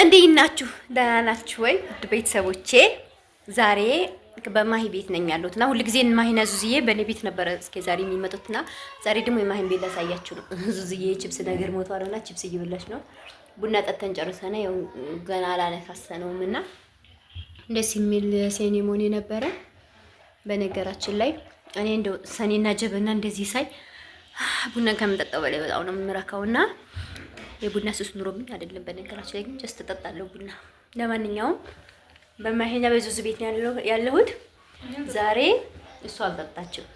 እንዴት ናችሁ? ደህና ናችሁ ወይ? ውድ ቤተሰቦቼ ዛሬ በማሂ ቤት ነኝ ያለሁት እና ሁልጊዜ ማሂና ዙዝዬ በእኔ ቤት ነበረ እስከ ዛሬ የሚመጡት እና ዛሬ ደግሞ የማሂን ቤት ላሳያችሁ ነው። ዙዝዬ ችፕስ ነገር ሞቷል እና ችፕስ እየበላች ነው። ቡና ጠጥተን ጨርሰና ያው ገና አላነሳሰነውም እና ደስ የሚል ሴኔሞኒ ነበረ። በነገራችን ላይ እኔ እንደው ሰኔና ጀበና እንደዚህ ሳይ ቡናን ከምጠጣው በላይ በጣም ነው የምረካው እና የቡና ሱስ ኑሮብኝ አይደለም። በነገራችን ላይ ግን ጀስት እጠጣለሁ ቡና። ለማንኛውም በማሄኛ በዙዙ ቤት ነው ያለሁት ዛሬ። እሱ አልጠጣችም።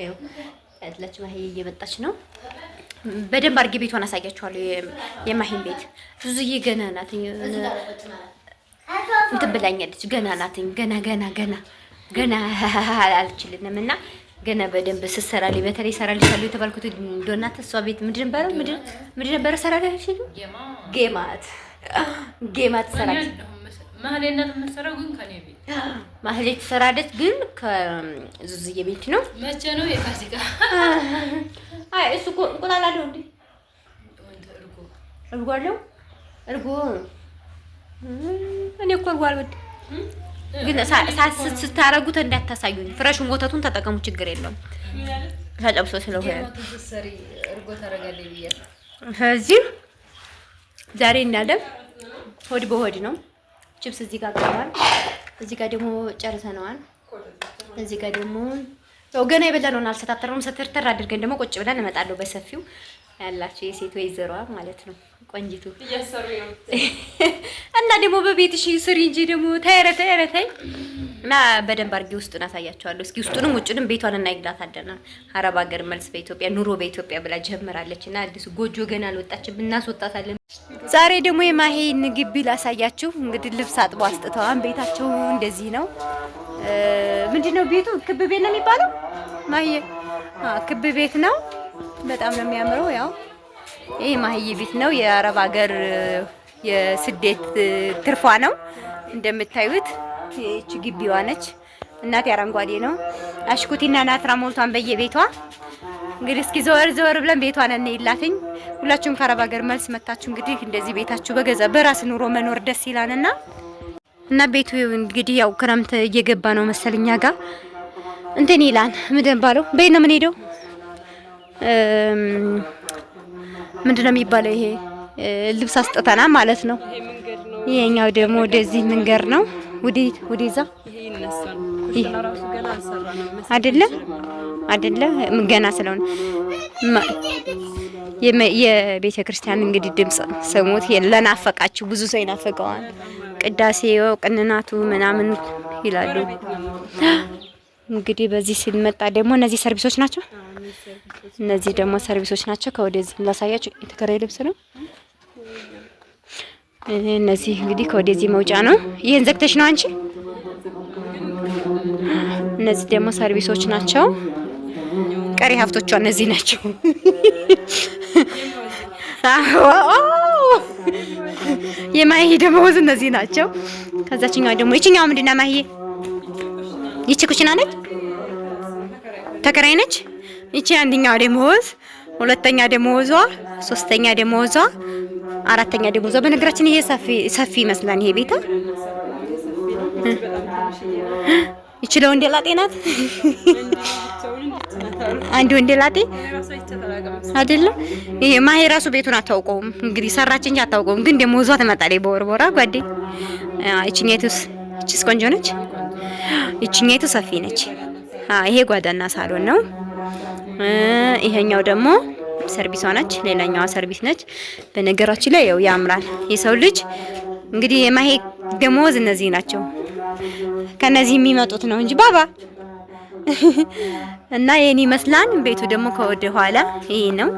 ይኸው ያትላችሁ ማሄ እየመጣች ነው። በደንብ አድርጌ ቤቷን አሳያችኋለሁ። የማሂን ቤት ዙዙዬ ገና ናትኝ እንትን ብላኛለች። ገና ናትኝ ገና ገና ገና ገና አልችልንም እና ገና በደንብ ስሰራ ላይ በተለይ ሰራ ላይ ካለው የተባልኩት ዶናት እሷ ቤት ምንድን ነበረ ምንድን ነበረ ሰራ ላይ ያልሽኝ ጌማት ጌማት ሰራች። ማህሌት ሰራለች፣ ግን ከዙዝዬ ቤት ነው። መቼ ነው የፋሲካ? አይ እሱ እኮ እንቁላል አለው እንዴ? እርጎ አለው። እርጎ እኔ እኮ እርጎ አልወድም ግን ስታረጉት እንዳታሳዩኝ። ፍረሹን ወተቱን ተጠቀሙ፣ ችግር የለውም ተጨብሶ ስለሆነ እዚህ ዛሬ እናደም ሆድ በሆድ ነው። ችፕስ እዚህ ጋር ቀርቧል። እዚህ ጋር ደግሞ ጨርሰነዋል። እዚህ ጋር ደግሞ ያው ገና የበላነውን አልሰታተርም። ሰተርተር አድርገን ደግሞ ቁጭ ብለን እመጣለሁ በሰፊው ያላቸው የሴት ወይዘሮዋ ማለት ነው። ቆንጂቱ እና ደግሞ በቤትሽ ስሪ እንጂ ደግሞ ተይረ ተይረ ተይ እና በደንብ አድርጌ ውስጡን አሳያቸዋለሁ። እስኪ ውስጡንም ውጭንም ቤቷን እናይግላት አደና አረብ ሀገር መልስ በኢትዮጵያ ኑሮ በኢትዮጵያ ብላ ጀምራለች። እና አዲሱ ጎጆ ገና አልወጣችም፣ እናስወጣታለን። ዛሬ ደግሞ የማሄን ግቢ ላሳያችሁ። እንግዲህ ልብስ አጥቦ አስጥተዋን ቤታቸው እንደዚህ ነው። ምንድን ነው ቤቱ? ክብ ቤት ነው የሚባለው። ማሄ ክብ ቤት ነው። በጣም ነው የሚያምረው ያው ይህ ማህዬ ቤት ነው። የአረብ ሀገር የስደት ትርፏ ነው። እንደምታዩት ይቺ ግቢዋ ነች። እናቴ አረንጓዴ ነው። አሽኩቲና ናትራ ሞልቷን በየቤቷ እንግዲህ እስኪ ዘወር ዘወር ብለን ቤቷን እንይላትኝ። ሁላችሁም ከአረብ ሀገር መልስ መታችሁ እንግዲህ እንደዚህ ቤታችሁ በገዛ በራስ ኑሮ መኖር ደስ ይላልና እና ቤቱ እንግዲህ ያው ክረምት እየገባ ነው መሰለኛ ጋር እንትን ይላል ምንድን ባለው በይ ነው የምንሄደው ምንድነው የሚባለው? ይሄ ልብስ አስጥተና ማለት ነው። ይሄኛው ደግሞ ወደዚህ መንገድ ነው። ወዴት ወደዛ አይደለ አይደለ ገና ስለሆነ የቤተ ክርስቲያን እንግዲህ ድምጽ ስሙት። ለናፈቃችሁ ብዙ ሰው ይናፈቀዋል። ቅዳሴ ቅንናቱ ምናምን ይላሉ። እንግዲህ በዚህ ሲመጣ ደግሞ እነዚህ ሰርቪሶች ናቸው። እነዚህ ደግሞ ሰርቪሶች ናቸው። ከወደዚህ ላሳያቸው የተከራይ ልብስ ነው። እነዚህ እንግዲህ ከወደዚህ መውጫ ነው። ይህን ዘግተሽ ነው አንቺ። እነዚህ ደግሞ ሰርቪሶች ናቸው። ቀሪ ሀብቶቿ እነዚህ ናቸው። የማሂ ደመወዝ እነዚህ ናቸው። ከዛችኛዋ ደግሞ ይችኛዋ ምንድና ማሂ ይቺ ኩሽና ነች። ተከራይ ነች። ይቺ አንደኛው ደሞዝ፣ ሁለተኛ ደሞዟ፣ ሶስተኛ ደሞዟ፣ አራተኛ ደሞዟ። በነገራችን ይሄ ሰፊ ሰፊ ይመስላል። ይሄ ቤታ ይቺ ለወንድ ላጤ ናት። አንድ ወንድ ላጤ አይደለም። ይሄ ማሄ ራሱ ቤቱን አታውቀውም። እንግዲህ ሰራች እንጂ አታውቀውም። ግን ደሞዟ ትመጣለች በወርቦራ ጓዴ። ኔቱስ ይቺስ ቆንጆ ነች። ይቺኛይቱ ሰፊ ነች። ይሄ ጓዳና ሳሎን ነው። ይሄኛው ደግሞ ሰርቪሷ ነች። ሌላኛዋ ሰርቪስ ነች። በነገራችን ላይ ያው ያምራል። የሰው ልጅ እንግዲህ የማሄ ደሞዝ እነዚህ ናቸው። ከነዚህ የሚመጡት ነው እንጂ ባባ እና ይሄን ይመስላል። ቤቱ ደግሞ ከወደ ኋላ ይሄ ነው።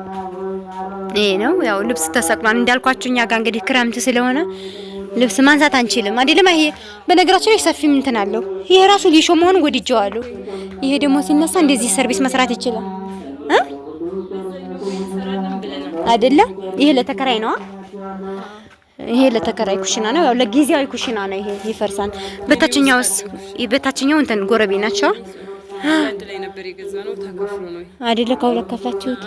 ይሄ ነው ያው ልብስ ተሰቅሏል እንዳልኳችሁ እኛ ጋር እንግዲህ ክረምት ስለሆነ ልብስ ማንሳት አንችልም አይደለም። ይሄ በነገራችን ላይ ሰፊ እንትን አለው። ይሄ ራሱ ሊሾ መሆን ወድጀዋለሁ። ይሄ ደግሞ ሲነሳ እንደዚህ ሰርቪስ መስራት ይችላል አይደለም። ይሄ ለተከራይ ነው። ይሄ ለተከራይ ኩሽና ነው። ያው ለጊዜያዊ ኩሽና ነው። ይሄ ይፈርሳል። በታችኛውስ በታችኛው እንትን ጎረቤ ናቸው። አንድ ላይ ነበር የገዛ ነው። ተከፍሎ ነው አይደለ? ከሁለት ከፍላችሁት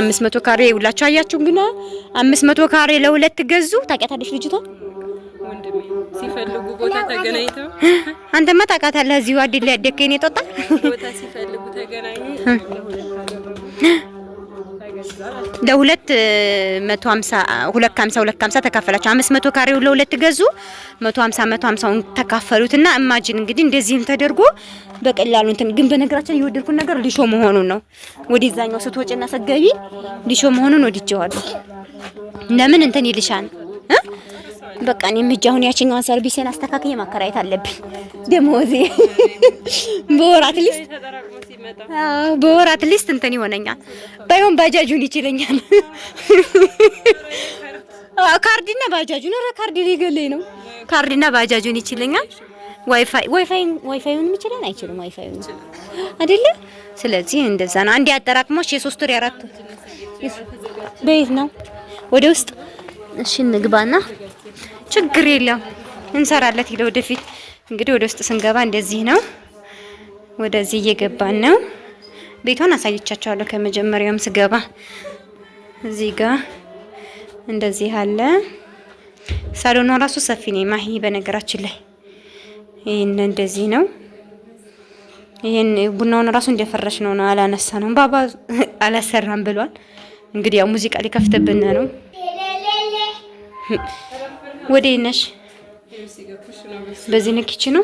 አምስት መቶ ካሬ ሁላችሁ አያችሁ። ግን አምስት መቶ ካሬ ለሁለት ገዙ። ታውቂያታለሽ ልጅቷ ሲፈልጉ ቦታ ተገናኝተው፣ አንተማ ታውቃታለህ። እዚሁ አዲል ላይ ያደከኝ ነው። ጦጣ ቦታ ሲፈልጉ ተገናኙ። ለሁለት 150 250 250 ተካፈላችሁ 500 ካሬው ለሁለት ገዙ 150 150ውን ተካፈሉትና እማጂን እንግዲህ እንደዚህም ተደርጎ በቀላሉ እንትን ግን በነገራችን የወደድኩት ነገር ሊሾ መሆኑን ነው። ወደዛኛው ስትወጪና ሰገቢ ሊሾ መሆኑን ወድጄዋለሁ። ለምን እንትን ይልሻል እ በቃ እኔም ሂጅ አሁን ያቺኛዋን ሰርቪሴን አስተካክዬ ማከራየት አለብኝ ደሞዜ በወራት ሊስት በወር አትሊስት እንትን ይሆነኛል። ባይሆን ባጃጁን ይችለኛል። ካርድና ባጃጁን ኧረ ካርድ ሊገለኝ ነው። ካርድና ባጃጁን ይችለኛል። ዋይፋይ ዋይፋይ ዋይፋዩንም ይችላል አይችልም? ዋይፋዩን አይደለ? ስለዚህ እንደዛ ነው። አንድ አጠራቅሞሽ የሶስት ወር ያራቱ በየት ነው ወደ ውስጥ እሺ፣ እንግባና ችግር የለም እንሰራለት ይለው ወደፊት እንግዲህ ወደ ውስጥ ስንገባ እንደዚህ ነው። ወደዚህ እየገባን ነው። ቤቷን አሳይቻቸዋለሁ ከመጀመሪያውም ስገባ እዚህ ጋር እንደዚህ አለ። ሳሎኗ ራሱ ሰፊ ነው ማሂ። በነገራችን ላይ ይህን እንደዚህ ነው። ይህን ቡናውን ራሱ እንደፈረሽ ነው ነው አላነሳ ነው ባባ አላሰራም ብሏል። እንግዲህ ያው ሙዚቃ ሊከፍትብን ነው። ወዴት ነሽ? በዚህ ነው ኪችኑ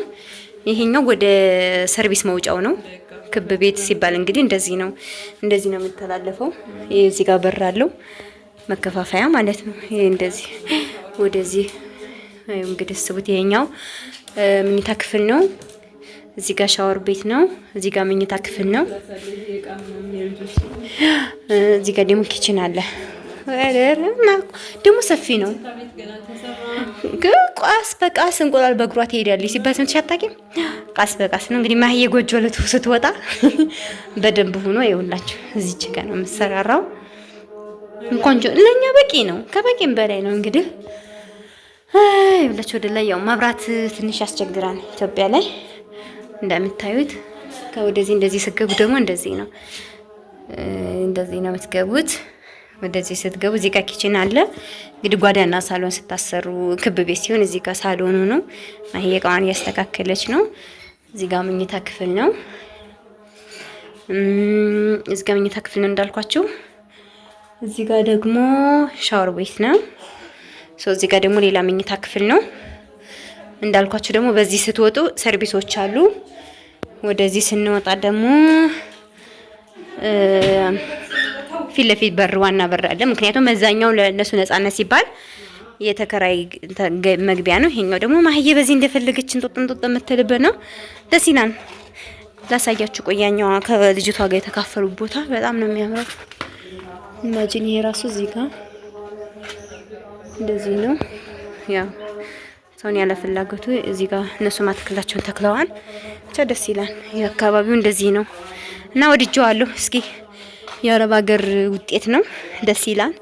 ይሄኛው ወደ ሰርቪስ መውጫው ነው። ክብ ቤት ሲባል እንግዲህ እንደዚህ ነው፣ እንደዚህ ነው የሚተላለፈው። እዚህ ጋር በር አለው መከፋፈያ ማለት ነው። ይሄ እንደዚህ ወደዚህ እንግዲህ ስቡት። ይሄኛው ምኝታ ክፍል ነው። እዚህ ጋር ሻወር ቤት ነው። እዚህ ጋር ምኝታ ክፍል ነው። እዚህ ጋር ደግሞ ኪችን አለ። ደግሞ ሰፊ ነው። ቋስ በቃስ እንቁላል በእግሯ ትሄዳለች ሲባል ሰምተሽ አታውቂም? ቃስ በቃስ ነው እንግዲህ ማህዬ ጎጆ ለቱ ስትወጣ በደንብ ሆኖ ይኸውላችሁ፣ እዚች ጋ ነው የምሰራራው። ቆንጆ ለእኛ በቂ ነው፣ ከበቂም በላይ ነው። እንግዲህ ይኸውላችሁ ወደ ላይ ያው መብራት ትንሽ ያስቸግራል ኢትዮጵያ ላይ እንደምታዩት። ወደዚህ እንደዚህ ስገቡ ደግሞ እንደዚህ ነው እንደዚህ ነው የምትገቡት። ወደዚህ ስትገቡ እዚህ ጋር ኪችን አለ። እንግዲህ ጓዳና ሳሎን ስታሰሩ ክብ ቤት ሲሆን እዚህ ጋር ሳሎኑ ነው። ይሄ እቃዋን እያስተካከለች ነው። እዚህ ጋር መኝታ ክፍል ነው። እዚህ ጋር መኝታ ክፍል ነው እንዳልኳችሁ። እዚህ ጋር ደግሞ ሻወር ቤት ነው። እዚህ ጋር ደግሞ ሌላ መኝታ ክፍል ነው እንዳልኳችሁ። ደግሞ በዚህ ስትወጡ ሰርቪሶች አሉ። ወደዚህ ስንወጣ ደግሞ ፊት ለፊት በር ዋና በር አለ። ምክንያቱም መዛኛው ለእነሱ ነጻነት ሲባል የተከራይ መግቢያ ነው። ይሄኛው ደግሞ ማህዬ በዚህ እንደፈለገች እንጦጥ እንጦጥ የምትልበት ነው። ደስ ይላል። ላሳያችሁ ቆያኛዋ ከልጅቷ ጋር የተካፈሉ ቦታ በጣም ነው የሚያምረው። ኢማጂን ይሄ ራሱ እዚህ ጋር እንደዚህ ነው። ያው ሰውን ያለ ፍላጎቱ እዚህ ጋር እነሱ ማትክላቸውን ተክለዋል። ብቻ ደስ ይላል። አካባቢው እንደዚህ ነው እና ወድጀዋለሁ። እስኪ የአረብ ሀገር ውጤት ነው። ደስ ይላል።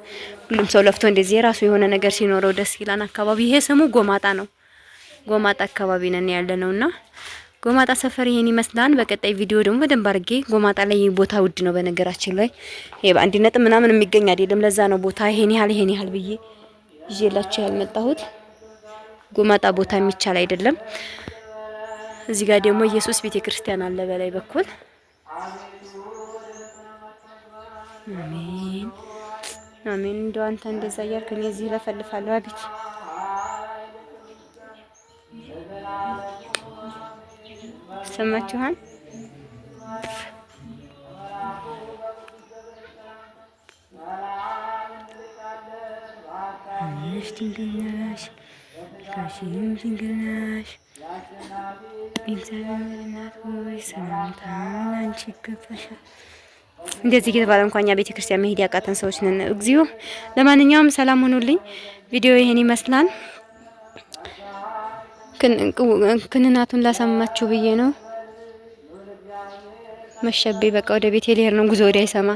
ሁሉም ሰው ለፍቶ እንደዚህ የራሱ የሆነ ነገር ሲኖረው ደስ ይላል። አካባቢ ይሄ ስሙ ጎማጣ ነው። ጎማጣ አካባቢ ነን ያለ እና ጎማጣ ሰፈር ይሄን ይመስላል። በቀጣይ ቪዲዮ ደግሞ በደንብ አድርጌ ጎማጣ ላይ ቦታ ውድ ነው በነገራችን ላይ ይሄ በአንድ ነጥብ ምናምን የሚገኝ አይደለም። ለዛ ነው ቦታ ይሄን ያህል ይሄን ያህል ብዬ ይዤላችሁ ያልመጣሁት። ጎማጣ ቦታ የሚቻል አይደለም። እዚህ ጋር ደግሞ ኢየሱስ ቤተክርስቲያን አለ በላይ በኩል አሜን አሜን። እንደው አንተ እንደዛ እያልክ እኔ እዚህ ለፈልፋለሁ። አቤት ሰማችኋን? ድንግልናሽ ራሽም ድንግልናሽ እግዚአብሔር እናት ሆይ ሰላምታ አንቺ ይገባሻል። እንደዚህ እየተባለ እንኳን እኛ ቤተክርስቲያን መሄድ ያቃተን ሰዎች ነን። እግዚኦ። ለማንኛውም ሰላም ሆኑልኝ። ቪዲዮ ይሄን ይመስላል። ክንናቱን ላሰማችሁ ብዬ ነው። መሸቤ በቃ ወደ ቤት የልሄድ ነው። ጉዞ ወዲያ አይሰማ